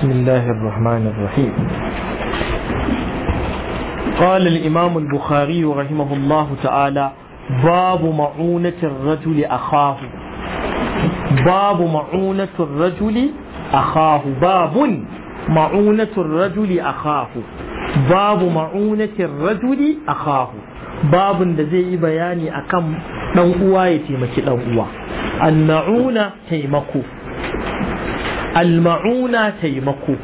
بسم الله الرحمن الرحيم قال الإمام البخاري رحمه الله تعالى باب معونة الرجل أخاه باب معونة الرجل أخاه باب معونة الرجل أخاه باب معونة الرجل أخاه باب الذي بياني أكم نوعية akan dan uwa ya alma'una taimako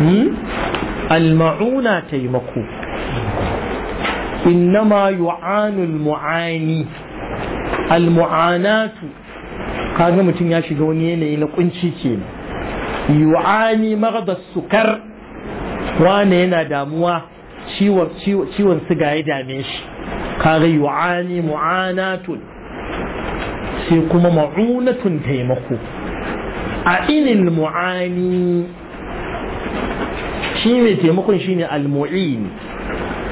hmm? alma'una taimako innama yu'anu mu'ani almu'anatu kaga mutum ya shiga wani yanayi na kunci kenan yu'ani maghda sukar wane yana damuwa ciwon siga ya dame shi kaga yu'ani mu'anatun sai kuma ma'unatun taimako a inil mu'ani shi mai taimakon shi ne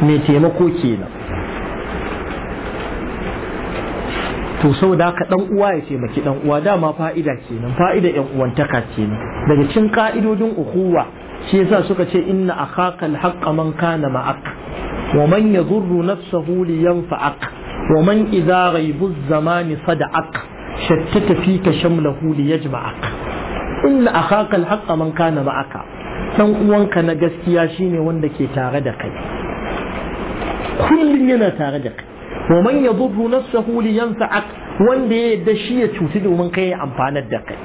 mai taimako kenan to sau da haka dan uwa ya taimaki dan uwa dama fa'ida kenan fa'ida yan uwantaka kenan daga cin ka'idodin ukuwa shi yasa suka ce inna akhaka al man kana ma'ak wa man yadurru nafsahu li yanfa'ak wa man idza ghaibu zamani sada'ak shattata fika shamlahu li yajma'ak inna akhaka alhaqqa man kana ma'aka dan uwanka na gaskiya shine wanda ke tare da kai kullum yana tare da kai wa man yadhuru nafsahu li yanfa'ak wanda ya yadda shi ya cuci domin kai ya amfanar da kai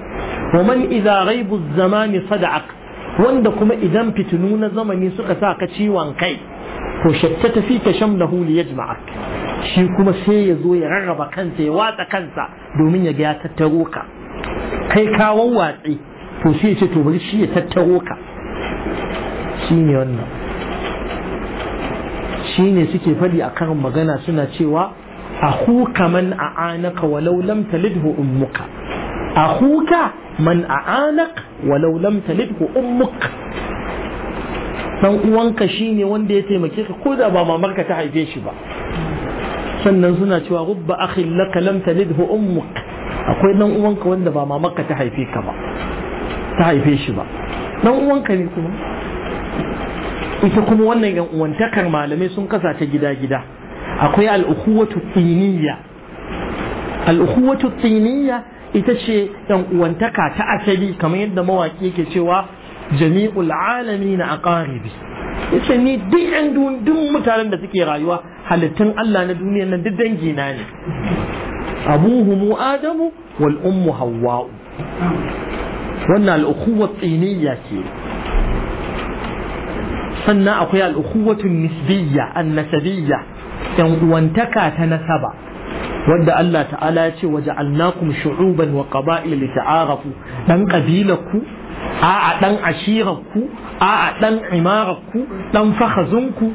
wa man idza ghaibu zamani sada'ak wanda kuma idan fitinu na zamani suka sa ka ciwon kai to shattata fi tashamlahu li yajma'ak shi kuma sai ya zo ya rarraba kansa ya watsa kansa domin ya ga ya tattaro ka kai ka watsi to shi ya ce to bari shi ya tattaro ka shi ne wannan shi ne suke faɗi a karin magana suna cewa a a man anaka walau أخوك من أعانك ولو لم تلده أمك أخوك من أعانك ولو لم تلده أمك dan uwanka shi ne wanda ya taimake ka ko da ba mamarka ta haife shi ba sannan suna cewa rubba akhin laka lam talidhu ummuk akwai dan uwanka wanda ba mamarka ta haife ka ba ta haife shi ba dan uwanka ne kuma ita kuma wannan yan uwantakar malamai sun kasa ta gida-gida akwai al'ukuwatu tsiniya al'ukuwatu tsiniya ita ce yan uwantaka ta asali kamar yadda mawaki yake cewa jami'ul alami na aqaribi yace ni duk yan duk mutanen da suke rayuwa halittun Allah na duniyar nan duk dangi na ne mu adamu wal ummu hawwa'u wannan al'ukuwa tsiniya ce sannan akwai al'ukuwatun nisbiyya annasabiyya yan uwantaka ta nasaba wadda Allah ta'ala ya ce waje annakum shu'uban wa qaba'il li ta'arafu dan kabilarku a'a dan ashirarku a'a dan imararku dan fahazunku,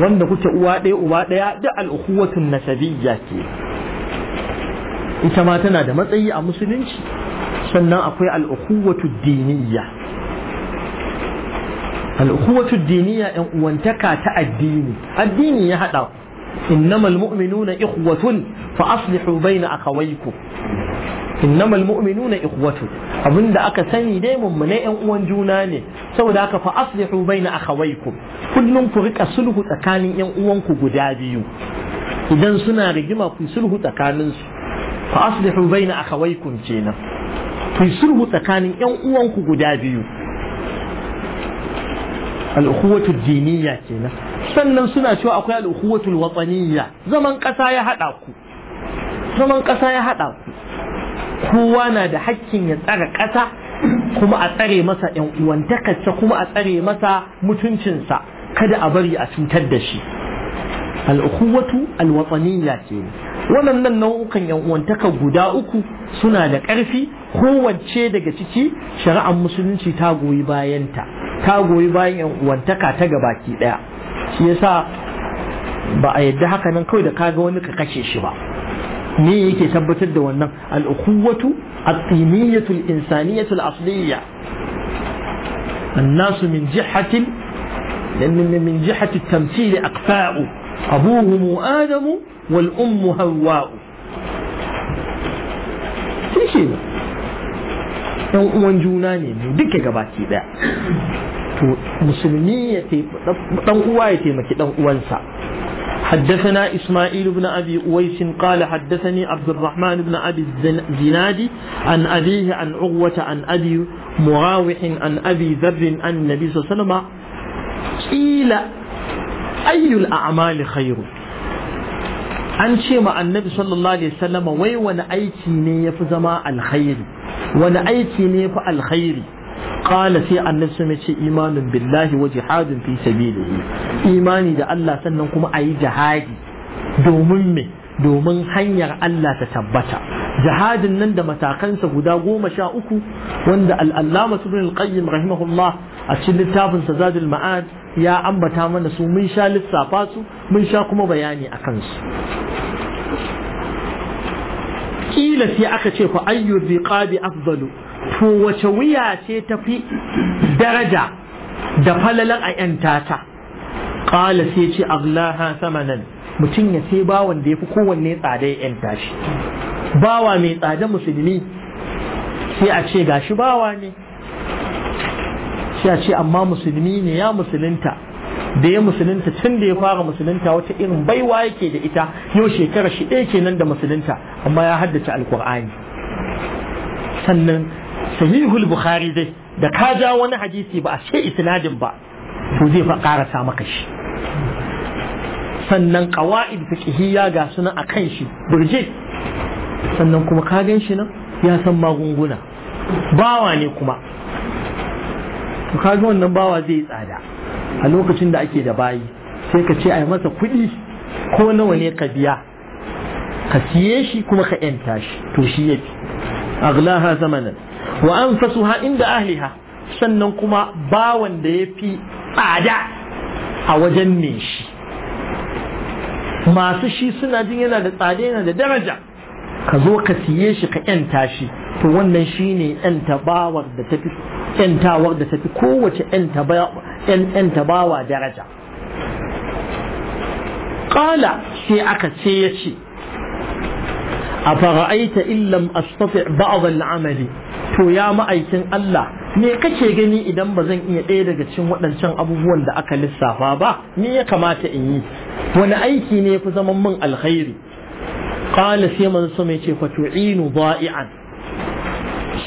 wanda kuke uwa ɗaya uwa ɗaya da al'ukuwatun nasabiyya ce ita ma tana da matsayi a musulunci sannan akwai al’ukuwatu diniya al’ukuwatu diniya ‘yan uwantaka ta addini addini ya haɗa innama al’u’minu na ikwatun fa aslihu bayna a kawaiku innama al’u’minu na ikwatu abinda aka sani dai mummune ‘yan uwan juna ne saboda haka fa aslihu bayna a kawaiku kullum ku rika sulhu tsakanin ‘yan uwanku guda biyu idan suna rigima ku sulhu tsakaninsu fa aslihu bayna a kawaikun kenan ku sulhu tsakanin yan uwanku guda biyu al'ukuwatul diniya kenan sannan suna cewa akwai al'ukuwatul watsaniya zaman ƙasa ya haɗa ku zaman ƙasa ya haɗa ku kowa na da hakkin ya tsare ƙasa kuma a tsare masa yan uwantakarsa kuma a tsare masa mutuncinsa kada a bari a cutar da shi al'ukuwatu alwatsaniya kenan waɗannan nau'ukan yan'uwantaka guda uku suna da ƙarfi kowace daga ciki shari'ar musulunci ta goyi bayanta ta goyi bayan yan'uwantaka ta gabaki ɗaya shi yasa ba a yadda haka nan kawai da kaga wani ka kashe shi ba me yake tabbatar da wannan al'ukuwatu at al-insaniyatu al-asliyya الناس min jihatin من جهة التمثيل أبوهم آدم والأم هواء sai shi ne ɗan uwan juna ne duka gabaki ɗaya to musulmi ya ɗan uwa ya taimaki ɗan uwansa حدثنا إسماعيل بن أبي أويس قال حدثني عبد الرحمن بن أبي الزناد عن أبيه عن عروة عن أبي مراوح عن أبي ذر عن النبي صلى الله عليه وسلم قيل ayyul a'mali khairu an ce ma annabi sallallahu alaihi wasallam wai wani aiki ne yafi zama alkhairi wani aiki ne yafi alkhairi qala sai annabi sai ce imanun billahi wa jihadun fi sabilihi imani da Allah sannan kuma ayi jihadi domin me domin hanyar Allah ta tabbata jihadin nan da matakansa guda goma sha uku wanda al'allama ibn al-qayyim rahimahullah a cikin littafin sa zadul ma'ad ya ambata mana su mun sha lissafa su mun sha kuma bayani a kansu kila sai aka ce ku ayyu riqabi afdalu to wace wuya ce tafi daraja da falalan a yan tata qala sai ce aghlaha samanan mutum ya sai bawan da yafi kowanne tsada ya yanta shi bawa mai tsada musulmi sai a ce gashi bawa ne sai a ce amma musulmi ne ya musulunta da ya musulunta tun da ya fara musulunta wata irin baiwa yake da ita yau shekara shi ɗaya nan da musulunta amma ya haddace alkur'ani sannan sahihul bukhari dai da ka ja wani hadisi ba a ce isnadin ba to zai fa karasa maka shi sannan qawaid fiqhiyya ga suna akan shi burje sannan kuma ka gan shi nan ya san magunguna bawa ne kuma to kaji wannan bawa zai yi tsada a lokacin da ake da bayi sai ka ce a yi masa kuɗi ko nawa ne ka biya ka siye shi kuma ka yanta shi to shi ya fi aglaha zamanin wa an ha inda ahliha sannan kuma bawan da ya fi tsada a wajen ne shi masu shi suna jin yana da tsada yana da daraja ka zo ka siye shi ka yanta shi to wannan shi ne yanta bawar da ta fi ‘yantawar da tafi kowace ‘yanta bawa daraja. Ƙala sai aka ce ya ce, A fara'aita illam astafi ba'adal amali, to ya ma'aikin Allah, me kake gani idan ba zan iya ɗaya daga cikin waɗancan abubuwan da aka lissafa ba, me ya kamata in yi, wani aiki ne fi zaman min alkhairi. Ƙala sai manzo mai ce, Fatu'inu ba'i'an,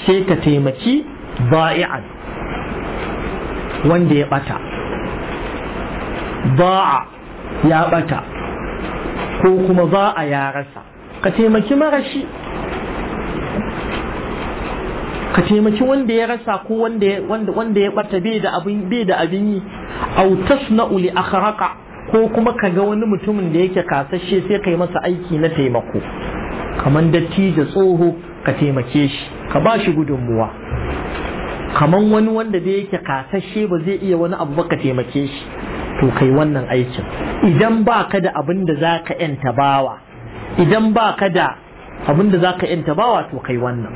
sai ka taimaki ba'i'an wanda ya bata ba'a ya bata ko kuma ba'a ya rasa ka taimaki marashi ka taimaki wanda ya rasa ko wanda ya bata bai da abin yi Autas tasna'u li akhraqa ko kuma ka ga wani mutumin da yake kasashe sai ka yi masa aiki na taimako kamar dattijo tsoho ka taimake shi ka ba shi gudunmuwa kaman wani wanda da yake kasashe ba zai iya wani abu baka taimake shi to kai wannan aikin idan ba ka da abin da za ka yanta bawa idan ba ka da abin da za ka yanta bawa to kai wannan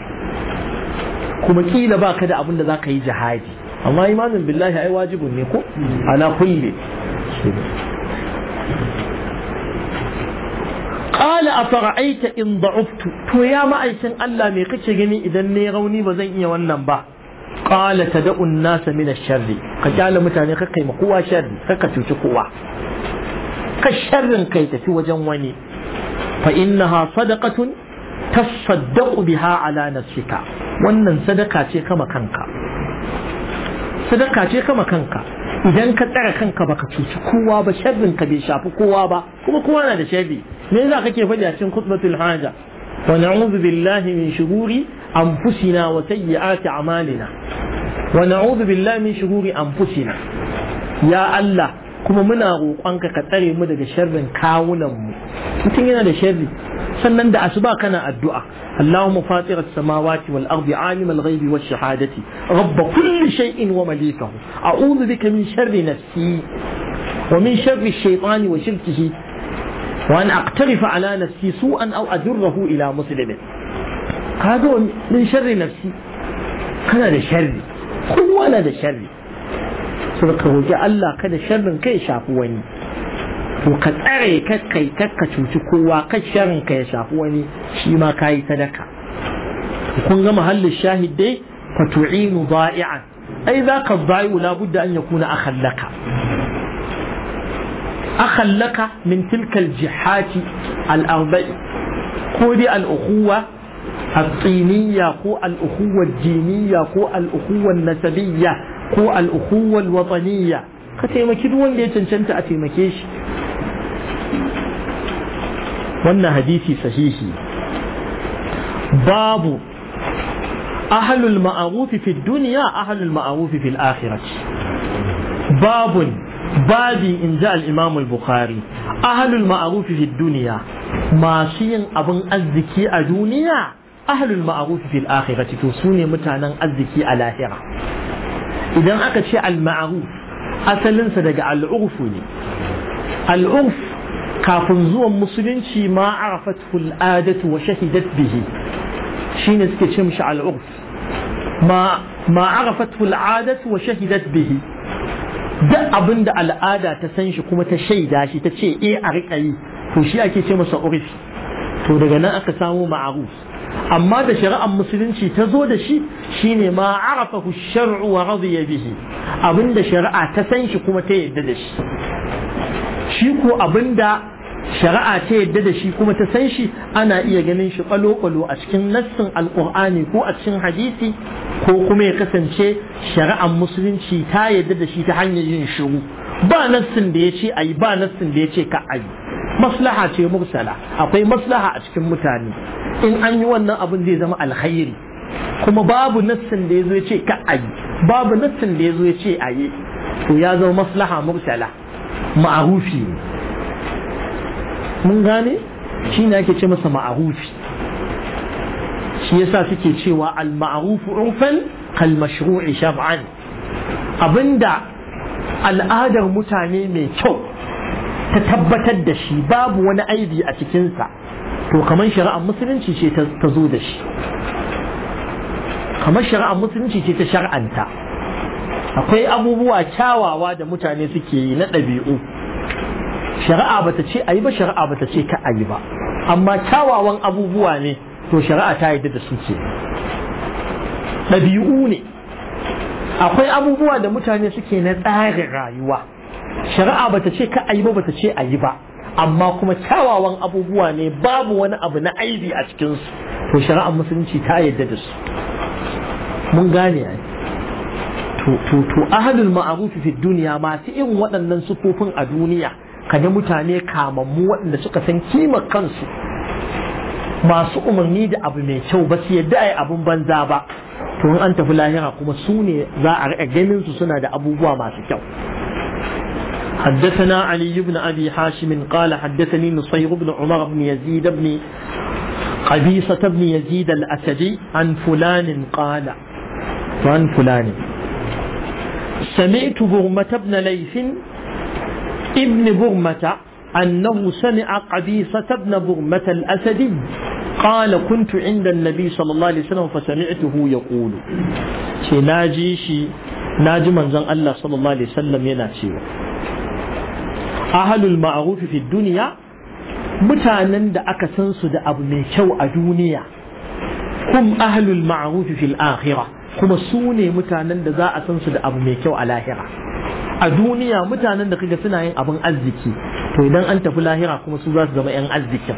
kuma kila ba ka da abin da za ka yi jihadi amma imanin billahi ai wajibin ne ko ana kulle قال a fara'aita in تو to ya ma'aikin Allah مي kace gani idan ne rauni ba zan iya wannan ba. Ƙala tad'u an-nas min sharri ka kyale mutane ka kai kowa sharri ka cuci kowa ka sharrin kai tafi wajen wani fa innaha sadaqatun tasaddaqu biha ala nafsika wannan sadaka ce kama kanka sadaka ce kama kanka idan ka tsara kanka baka cuci kowa ba sharrin ka bai shafi kowa ba kuma kowa na da sharri me yasa kake faɗi a cikin khutbatul haja wa na'udhu billahi min shururi أنفسنا وسيئات أعمالنا ونعوذ بالله من شرور أنفسنا يا الله kuma muna roƙonka ka tsare mu daga sharrin kawunan mu mutum yana da sharri sannan da asuba kana addu'a Allahumma fatir as-samawati wal ardi alim al-ghaibi wash shahadati rabb kulli shay'in wa malikahu a'udhu bika min sharri nafsi wa min sharri ash-shaytani wa shirkihi wa an aqtarifa ala nafsi su'an aw adurruhu ila muslimin هذول من شر نفسي انا هذا شر قل ولا هذا شر صدق وجاء الله كذا شر كي شافوني وقد أريك كي تكت وتكوا قد شر كي شافوني شيما كاي تدكا يكون كما هل الشاهد دي فتعين ضائعا أي ذاك الضائع لابد أن يكون أخا لك أخا لك من تلك الجحات الأربع كودي الأخوة الطينية كو الأخوة الدينية كو الأخوة النسبية كو الأخوة الوطنية كتيمكي دون دي تنشنت أتيمكيش وانا حديثي صحيحي باب أهل المعروف في الدنيا أهل المعروف في الآخرة باب babi in ji al'imam al-bukhari ahalul ma'arufi fi duniya masu yin abin arziki a duniya ahlul ma'ruf fil akhirati to sune mutanen arziki a lahira idan aka ce al ma'ruf asalinsa daga al'urfu ne al'urf kafin zuwan musulunci ma arafathu al'adatu wa shahidat bihi shine suke ce mishi al'urf ma ma arafathu al'adatu wa shahidat bihi duk abin da al'ada ta san shi kuma ta shaida shi ta ce eh a rika yi to shi ake ce masa urfi to daga nan aka samu ma'aruf amma da shari'ar musulunci ta zo da shi shine ma ku shar'u wa radiya bihi abinda shari'a ta san shi kuma ta yadda da shi shi ko abinda shari'a ta yadda da shi kuma ta san shi ana iya ganin shi kwalo-kwalo a cikin nassin alkur'ani ko a cikin hadisi ko kuma ya kasance shari'ar musulunci ta yadda da shi ta hanyar yin shiru ba nassin da ya ce a ba nassin da ya ce ka a maslaha ce mursala akwai maslaha a cikin mutane in an yi wannan abin zai zama alkhairi kuma babu nassin da ya zo ce ka a babu nassin da ya zo ce a yi to ya zama maslaha mursala ma'arufi mun gane shi ne ake ce masa ma'arufi shi yasa suke cewa al-ma'rufu urfan kal mashru'i shar'an abinda al'adar mutane mai kyau ta tabbatar da shi babu wani aibi a cikinsa to kamar shari'ar musulunci ce ta zo da shi kamar shari'ar musulunci ce ta shar'anta akwai abubuwa kyawawa da mutane suke yi na ɗabi'u shari'a bata ce ayi ba shari'a bata ce ka ayi ba amma kyawawan abubuwa ne to shari'a ta yi da su ce ɗabi'u ne akwai abubuwa da mutane suke na tsarin rayuwa shari'a bata ce ka ayi ba bata ce ayi ba amma kuma kyawawan abubuwa ne babu wani abu na aibi a cikinsu to shari'ar musulunci ta yadda da su mun gane ai to to ahadul ma'ruf fi duniya masu irin waɗannan sufofin a duniya kaga mutane kamammu waɗanda suka san kimar kansu masu umarni da abu mai kyau ba su yadda ai abun banza ba to an tafi lahira kuma su ne za a riƙa ganin su suna da abubuwa masu kyau حدثنا علي بن أبي حاشم قال حدثني نصير بن عمر بن يزيد بن قبيصة بن يزيد الأسدي عن فلان قال عن فلان سمعت برمة بن ليث ابن برمة أنه سمع قبيصة بن برمة الأسدي قال كنت عند النبي صلى الله عليه وسلم فسمعته يقول شي ناجي شي ناجي من زن الله صلى الله عليه وسلم يناشيه ahalul ma'arufi fi duniya mutanen da aka san su da abu mai kyau a duniya kum ahlul ma'arufi fil akhirah kuma su ne mutanen da za a san su da abu mai kyau a lahira a duniya mutanen da kaga suna yin abin arziki to idan an tafi lahira kuma su za su zama yan arzikin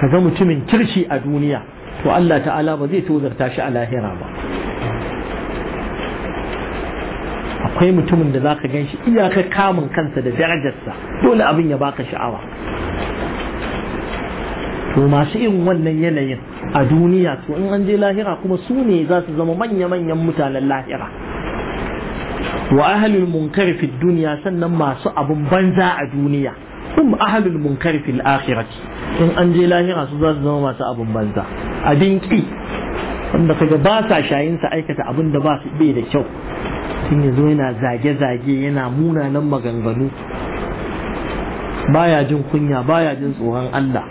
kaga mutumin kirshi a duniya to Allah ta'ala ba zai tozarta shi a lahira ba akwai mutumin da zaka gan shi iyakar kamun kansa da darajarsa dole abin ya baka sha'awa to masu irin wannan yanayin a duniya to in an je lahira kuma su ne za su zama manya-manyan mutanen lahira wa ahlul munkar fi duniya sannan masu abun banza a duniya hum ahlul munkar fil akhirati in an je lahira su za su zama masu abin banza abin ki wanda kaga ba sa shayin sa aikata abin da ba su bai da kyau sun yanzu yana zage-zage yana munanan maganganu baya jin kunya baya jin tsoron Allah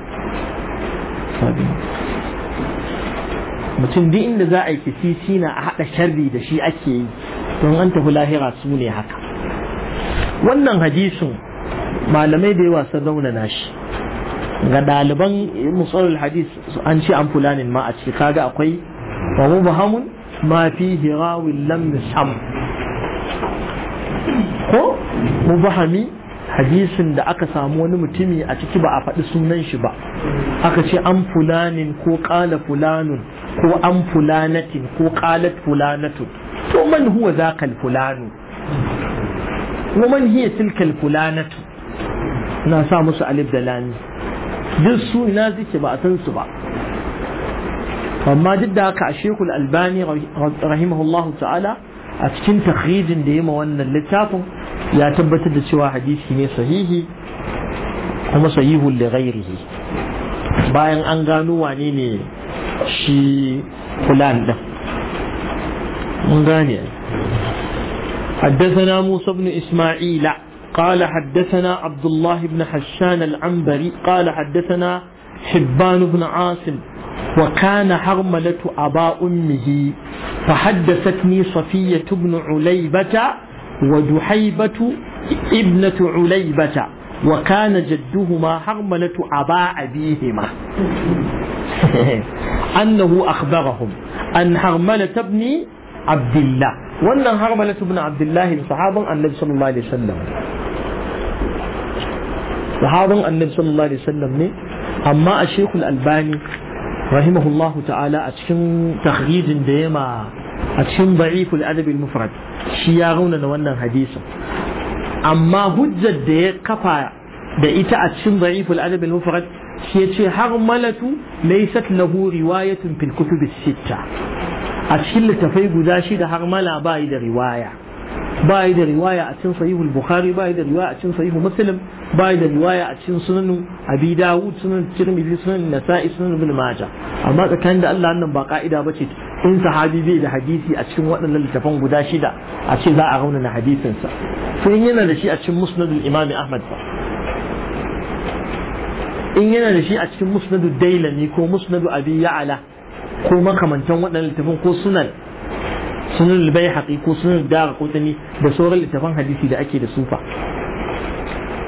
mutum duk inda za a yi kisi na a haɗa sharri da shi ake yi don an tafi lahira su ne haka wannan hadisin malamai da yawa sun na shi ga ɗaliban musalul hadis an ce an fulanin ma a ciki kaga akwai wa mubahamun ma fi hirawin lam sam ko mu mubahami hadisin da aka samu wani mutumi a ciki ba a faɗi sunan shi ba aka ce an fulanin ko ƙala fulanun ko an fulanatin ko ƙalat fulanatun to man huwa zakal fulanu wa man hiya tilkal fulanatu na sa musu alif da lami duk su ina zike ba a san su ba amma duk da haka a shekul albani rahimahullahu ta'ala a cikin takhrijin da yi ma wannan littafin ya tabbatar da cewa hadisi ne sahihi kuma sahihun da ghairihi bayan an gano wane ne shi fulan din mun gane حدثنا موسى بن إسماعيل قال حدثنا عبد الله بن حشان العنبري قال حدثنا حبان بن عاصم وكان حرملة أبا أمه فحدثتني صفية بن عليبة وجحيبة ابنة عليبة وكان جدهما حرملة أبا أبيهما أنه أخبرهم أن حرملة ابن عبد الله وأن حرملة ابن عبد الله صحابا النبي صلى الله عليه وسلم sahabin annabi sallallahu alaihi wasallam ne amma a shekul albani rahimahullahu ta'ala a cikin tahrijin da yama a cikin da'iful adab al-mufrad shi ya rauna na wannan hadisin amma hujjar da ya kafa da ita a cikin da'iful adab al-mufrad shi yace har malatu laysat lahu riwayatun fil kutub as-sitta a cikin littafai guda shida har mala ba da riwaya ba da riwaya a cikin sahihul bukhari ba da riwaya a cikin sahihul muslim ba da riwaya a cikin sunan abi dawud sunan tirmidhi sunan nasa'i sunan ibn majah amma tsakanin da Allah nan ba ka'ida bace in sahabi bai da hadisi a cikin waɗannan littafan guda shida a ce za a raunana hadisinsa sai in yana da shi a cikin musnadul imami ahmad ba in yana da shi a cikin musnadul dailami ko musnadu abi ya'ala ko makamantan waɗannan littafan ko sunan sunan bai haƙi ko sunan dara ko da sauran littafan hadisi da ake da sufa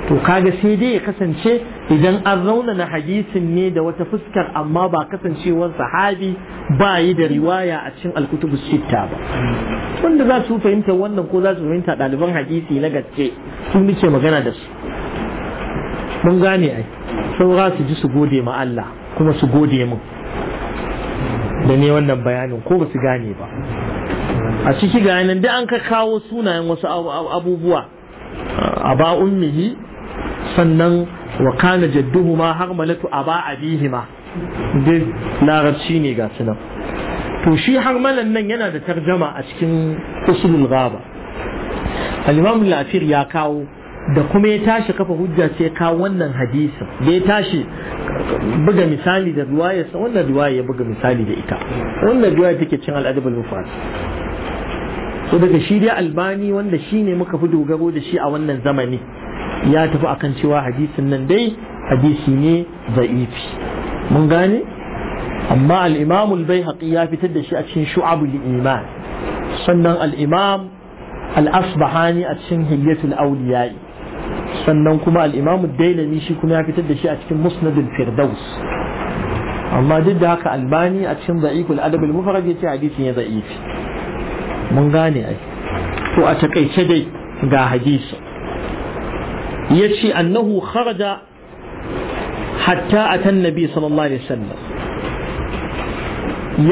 to kaga sai dai ya kasance idan an na hadisin ne da wata fuskar amma ba kasancewar sahabi ba yi da riwaya a cikin alkutubu sitta ba wanda za su fahimta wannan ko za su fahimta ɗaliban hadisi na gaske su muke magana da su mun gane ai saura su ji su gode ma Allah kuma su gode mu da ne wannan bayanin ko ba su gane ba a ciki ga nan da an ka kawo sunayen wasu abubuwa a ba ummihi sannan wa kana jadduhu ma har malatu aba abihima duk larabci ne ga sunan to shi har nan yana da tarjama a cikin usulul ghaba al-imam al-afir ya kawo da kuma ya tashi kafa hujja sai ka wannan hadisin da ya tashi buga misali da sa wannan ruwaya ya buga misali da ita wannan ruwaya take cin al mufrad so daga shi dai albani wanda shine muka fi dogaro da shi a wannan zamani ya tafi akan cewa hadisin nan dai hadisi ne za'ifi mun gane amma al-imam al-baihaqi ya fitar da shi a cikin shu'abul iman sannan al-imam al-asbahani a cikin hilyatul awliya'i sannan kuma al-imam ad-dailami shi kuma ya fitar da shi a cikin musnadul firdaus amma duk da haka albani a cikin da'ikul adab al-mufrad yace hadisi ne za'ifi mun gane ai to a takaice dai ga hadisi Ya ce annahu kharaja hatta atan nabi sallallahu alaihi wasallam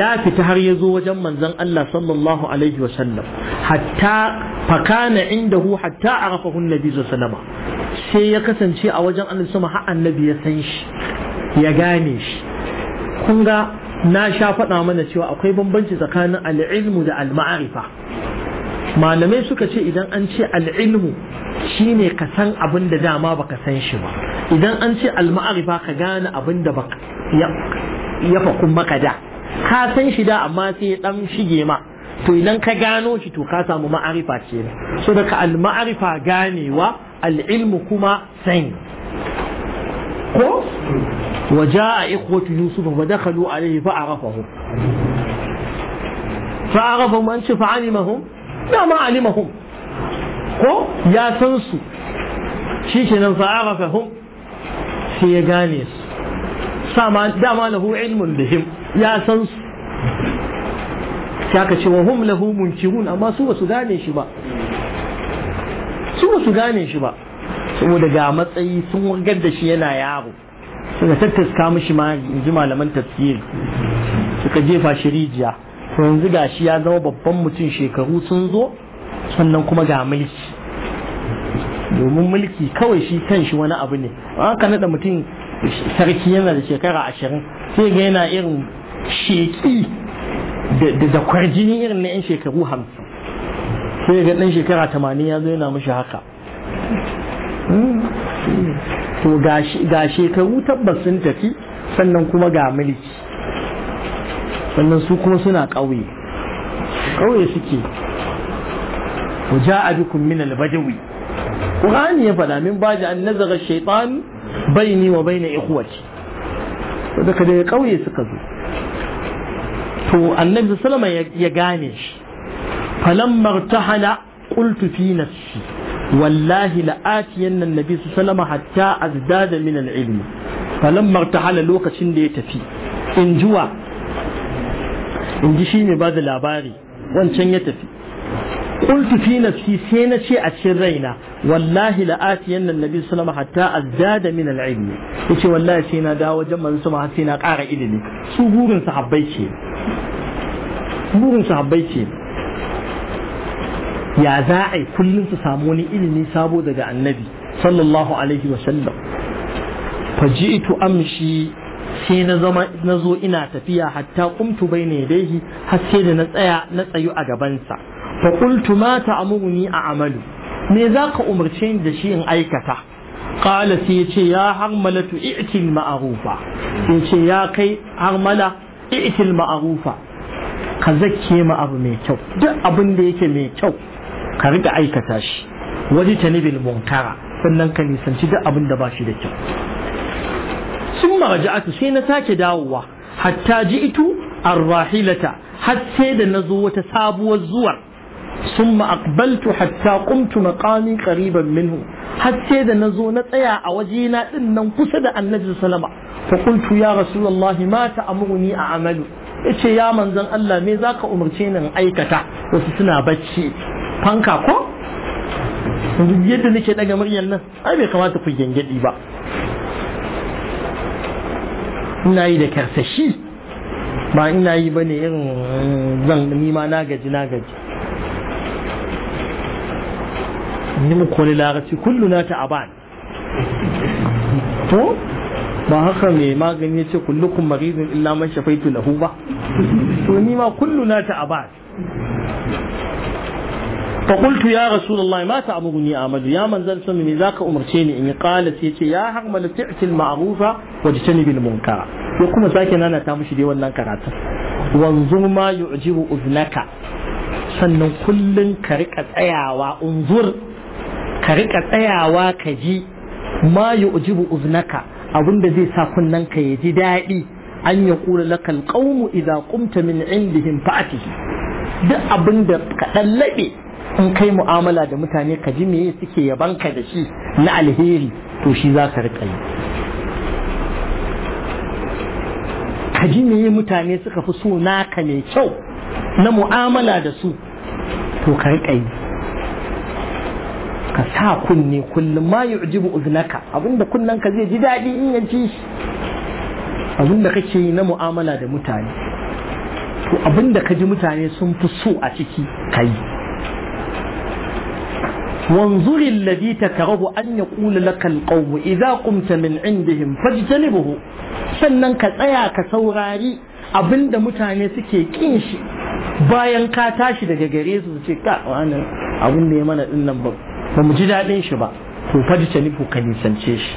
ya fita har ya zo wajen manzon Allah sallallahu alaihi wasallam hatta fakana indahu hatta arafahu annabi sallallahu sai ya kasance a wajen Allah sama har annabi ya san shi ya gane shi kun ga na sha faɗa mana cewa akwai bambanci tsakanin al'ilmu da al-ma'arifa malamai suka ce idan an ce al'ilmu Shi ne ka san abin da dama baka san shi ba idan an ce alma'arifa ka gane abin da baka ya fakun maka da ka san shi da amma sai dan shige ma to idan ka gano shi to ka samu ma'arifa ce so daga al-ma'arifa ganewa al'ilmu kuma sani ko wa jaa ikhwatu yusuf wa dakhalu alayhi fa arafahu fa arafahu man fa alimahum la ma alimahum ko ya san su shi ke nan ka hum sai ya gane su sama dama lahu ilmun da him ya san su sai ce wa hum lahu munkirun amma su basu gane shi ba su su gane shi ba saboda ga matsayi sun wargar da shi yana yaro suka tattaska mishi ma in ji malaman tafsiri suka jefa shi rijiya yanzu shi ya zama babban mutum shekaru sun zo sannan kuma ga mulki domin mulki kawai shi kan shi wani abu ne haka nada mutum sarki yana da shekara ashirin sai ga yana irin sheki da jini irin na 'yan shekaru hamsin sai ga ɗan shekara tamanin ya zo yana mashi haka to ga shekaru tabbas sun tafi sannan kuma ga mulki sannan su kuma suna ƙauye ƙauye suke wa ja'a bikum min al-badawi ya fada min baji an nazara ash-shaytan wa baina ikhwati daga ƙauye suka zo to annabi sallama ya gane shi falamma irtahala qultu fi nafsi wallahi la'atiyanna annabi sallama hatta azdada min al-ilmi falamma irtahala lokacin da ya tafi in shi in bada labari wancan ya tafi qultu fi nafsi sai na ce a cikin raina wallahi la atiyanna annabi sallallahu hatta azdada min al-ilm yace na dawo wajen manzo sama sai na ƙara ilimi su burin sahabbai ce burin sahabbai ce ya za a kullum su samu wani ilimi sabo daga annabi sallallahu alaihi wa sallam amshi sai na zama na zo ina tafiya hatta kumtu ne dai har sai da na tsaya na tsayu a gabansa fa qultu a amalu me zaka umarce ni da shi in aikata ƙala sai yace ya harmalatu i'til ma'rufa yace ya kai harmala i'til ma'arufa. ka zakke ma abu mai kyau duk abin da yake mai kyau ka riƙa aikata shi waje tanibil munkara sannan ka nisanci duk abin da ba shi da kyau sun maraja'atu sai na sake dawowa hatta ji'itu arrahilata har sai da na zo wata sabuwar zuwar ثم أقبلت حتى قمت مقامي قريبا منه حتى إذا نزونا تيا أوجينا إن ننقصد أن نجل سلمة فقلت يا رسول الله ما تأمرني أعمل إيش يا من زن الله ميزاك أمرتين أيكتا وسسنا بتشي فانكا كو yadda nake daga muryar nan ai bai kamata ku gengedi ba ina yi da karsashi ba ina yi bane irin zan nima na gaji na gaji ni mu kone lagaci kullu na ta'aban to ba haka mai magani ya ce kullukun maridin illa man shafaitu lahu ba to ni ma kullu na ta'aban fa qultu ya rasulullahi ma ta'muruni amadu ya manzan ne me zaka umarce ni in ya qala sai ce ya hamal ti'til maarufa wa tajnibil bilmunka. ko kuma sake nana ta mushi dai wannan karatun wanzu ma yu'jibu uznaka sannan kullum ka rika tsayawa unzur ka rika tsayawa ka ji ma ujibu uznaka abinda zai sa kunnen ka ya ji daɗi an ya ƙura lakal ƙaunu idza kumta min indihim fa'atihi duk abinda ka ɗan laɓe in kai mu'amala da mutane ka ji me suke yabanka da shi na alheri to shi za ka rika yi ka ji meye mutane suka fi so naka mai kyau na mu'amala da su to ka riƙa yi ka sa kunne kullum ma yu'jibu uznaka abinda kunnen ka zai ji daɗi in ya ji shi abinda kake yi na mu'amala da mutane to abinda ka ji mutane sun fi so a ciki ka yi. kai وانظر الذي تكره أن يقول لك القوم إذا قمت من عندهم فاجتنبه sannan ka tsaya ka saurari abinda mutane suke kin shi bayan ka tashi daga gare su su ce ka wani abin da ya mana nan ba ba mu ji daɗin shi ba to faji ta ku ka nisance shi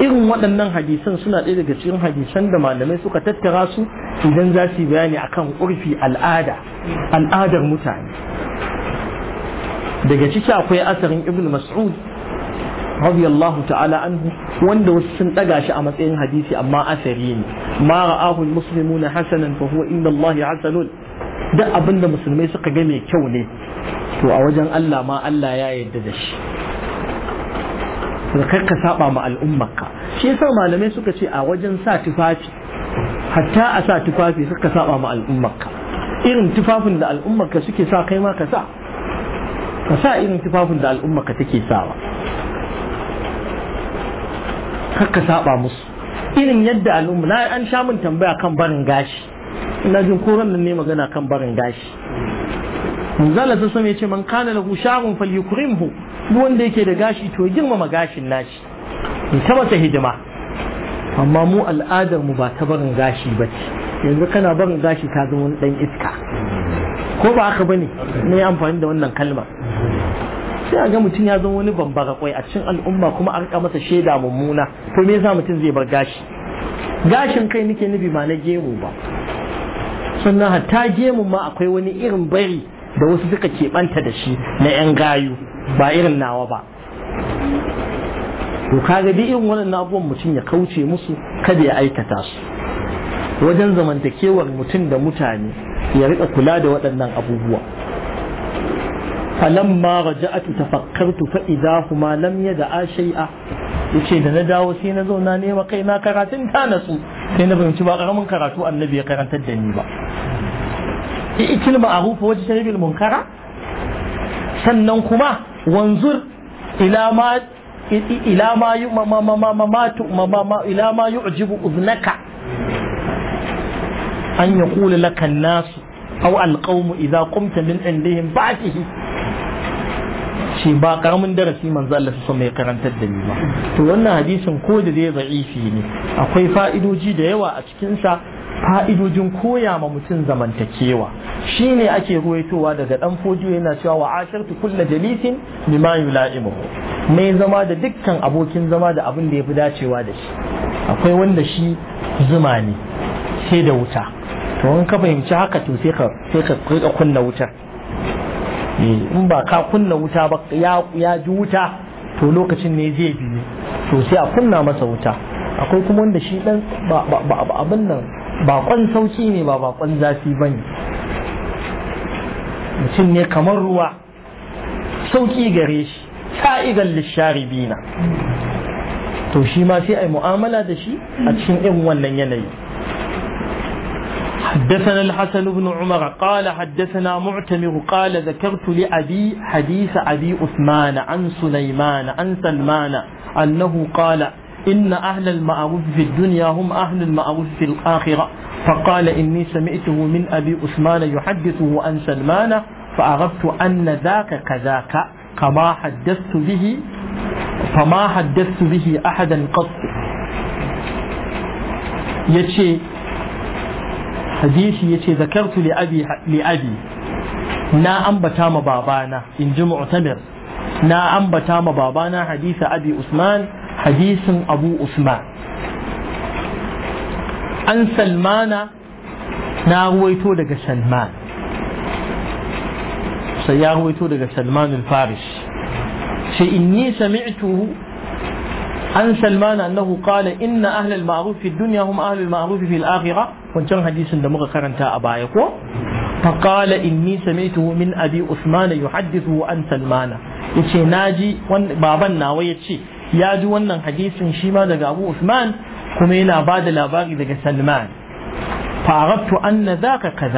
irin waɗannan hadisan suna ɗaya daga cikin hadisan da malamai suka tattara su idan za su yi bayani akan urfi al'ada al'adar mutane daga ciki akwai asarin ibn mas'ud radiyallahu ta'ala anhu wanda wasu sun ɗaga shi a matsayin hadisi amma asari ne ma ra'ahu muslimuna hasanan fa huwa inda Allah hasanun duk abin da musulmai suka ga mai kyau ne to a wajen Allah ma Allah ya yarda da shi da ka saba ma al'ummarka shi yasa malamai suka ce a wajen sa tufafi hatta a sa tufafi suka saba ma al'ummarka irin tufafin da al'ummarka suke sa kai ma ka sa ka sa irin tufafin da al'ummarka take sawa kar ka saba musu irin yadda al'umma na an sha min tambaya kan barin gashi ina jin koran nan ne magana kan barin gashi manzala sun sami ce man kana lahu sharun falyukrimhu duk wanda yake da gashi to girmama gashin nashi in ta hidima amma mu al'adar mu ba ta barin gashi ba yanzu kana barin gashi ka zama wani dan iska ko ba haka bane ne amfani da wannan kalma sai a ga mutum ya zama wani bambara kwai a cikin al'umma kuma arka ka masa shaida mummuna to me yasa mutum zai bar gashi gashin kai nake nufi ba na gemu ba sannan hatta gemun ma akwai wani irin bari da wasu suka keɓanta da shi na 'yan gayu ba irin nawa ba to kaga bi irin wannan abubuwan mutum ya kauce musu kada ya aikata su wajen zamantakewar mutum da mutane ya rika kula da waɗannan abubuwa ma raja'atu tafakkartu fa idza huma lam yada shay'a yace da na dawo sai na zauna ne kai kaina karatun ta nasu sai na fahimci ba karamin karatu annabi ya karantar da ni ba ikil ma'ruf wa tajribil munkara sannan kuma wanzur ila ma ila ma ila ma yu'jibu an yaqulu laka an-nas aw al-qawm idha qumta min indihim ba'tihi ce ba karamin darasi manzo Allah sun mai karantar da ni ba to wannan hadisin ko da dai za'ifi ne akwai fa'idoji da yawa a cikin sa fa'idojin koya ma mutum zamantakewa shine ake ruwaitowa daga dan fodiyo yana cewa wa ashartu kullu jalisin bima yula'imu mai zama da dukkan abokin zama da abin da yafi dacewa da shi akwai wanda shi zuma ne sai da wuta to in ka fahimci haka to sai ka sai ka kunna wutar Eh, in ba ka kunna wuta ba ya ji wuta to lokacin ne zai biyu to sai a kunna masa wuta akwai kuma wanda shi dan abin nan bakon sauki ne ba bakon zafi ba ne mutum ne kamar ruwa sauki gare shi lishari bina. to shi ma sai a yi mu'amala da shi a cikin irin wannan yanayi حدثنا الحسن بن عمر قال حدثنا معتمر قال ذكرت لأبي حديث أبي عثمان عن سليمان عن سلمان أنه قال إن أهل المعروف في الدنيا هم أهل المعروف في الآخرة فقال إني سمعته من أبي عثمان يحدثه عن سلمان فأردت أن ذاك كذاك كما حدثت به فما حدثت به أحدا قط يتشي hadisi yace zakartu li abi li abi na ambata ma babana in ji mu'tamir na ambata ma babana hadisa abi usman hadisin abu usman an salmana na ruwaito daga salman sai ya ruwaito daga salman al-faris sai in inni sami'tuhu an salman annahu qala inna ahlal ma'ruf fi dunya hum ahlul ma'ruf fi al-akhirah wancan hadisin da muka karanta a baya ko fa qala inni sami'tuhu min abi usman yuhaddithu an salman yace naji baban nawa yace ya ji wannan hadisin shi ma daga abu usman kuma yana ba da labari daga salman fa'arabtu anna zaka ka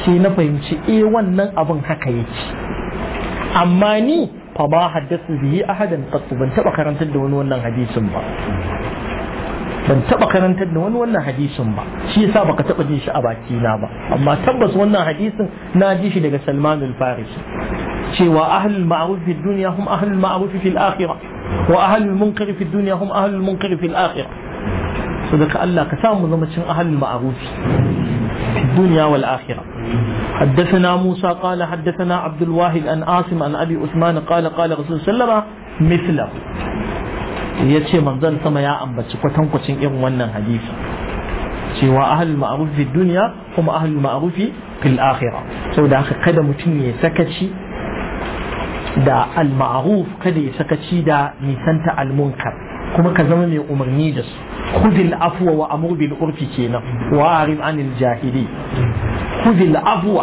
sai na fahimci eh wannan abin haka yake amma ni fa ma haddathu bihi ahadan qat ban taba karantar da wani wannan hadisin ba ban taba karantar da wani wannan hadisin ba shi yasa baka taba jin shi a baki na ba amma tabbas wannan hadisin na ji shi daga Salman al-Farisi cewa ahlul ma'ruf fi dunya hum ahlul ma'ruf fi al-akhirah wa ahlul munkar fi dunya hum ahlul munkar fi al-akhirah sadaka Allah ka samu zama cin ahlul ma'ruf fi dunya wal akhirah حدثنا موسى قال حدثنا عبد الواحد أن عاصم عن أبي عثمان قال قال رسول صلى الله عليه وسلم مثله yace manzon sama ya ambaci kwatankwacin irin wannan hadisi cewa ahlul ma'ruf fi dunya kuma ahlul ma'ruf fil akhirah saboda haka kada mutum ya sakaci da al ma'ruf kada ya sakaci da nisanta al munkar kuma ka zama mai umarni da su khudil afwa wa amur bil urfi kenan wa arid anil jahili خذ العفو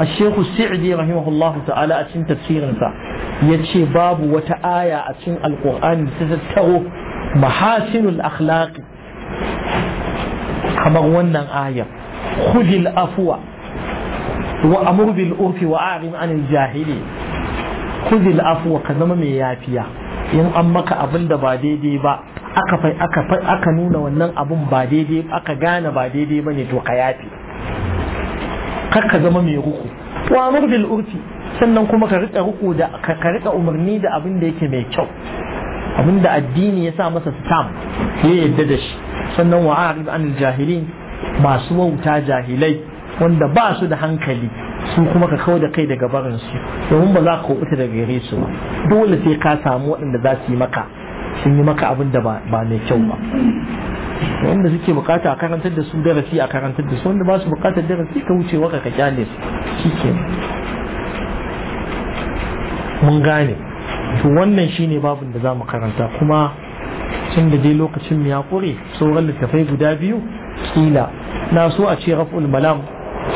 الشيخ السعدي رحمه الله تعالى أتين تفسير نسا يتشي باب وتآية أتين القرآن تتتغو محاسن الأخلاق كما قلنا آية خذ العفو وأمر بالعرف وأعرض عن الجاهلين خذ العفو كزما mai yafiya in an maka abin da ba daidai ba aka aka nuna wannan abin ba daidai aka gane ba daidai ba ne to ka yafi kar ka zama mai ruku wa amur bil urfi sannan kuma ka rika ruku da ka rika umarni da abin da yake mai kyau abin da addini ya sa masa stam ya yadda da shi sannan wa arid an jahilin masu wauta jahilai wanda ba su da hankali su kuma ka kawo da kai daga barin su domin ba za ka kuɓuta daga gare su ba dole sai ka samu waɗanda za su yi maka sun yi maka abin da ba mai kyau ba wanda suke bukata a karantar da su darasi a karantar da su wanda ba su bukatar darasi ka wuce waka ka kyale su ke mun gane to wannan shi ne babin da za mu karanta kuma tun da dai lokacin mu ya kure sauran littafai guda biyu kila na so a ce raf'ul malam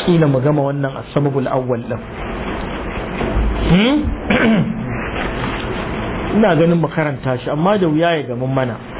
kila mu gama wannan a sababul awwal din hmm? ina ganin mu karanta shi amma da wuya ya gama mana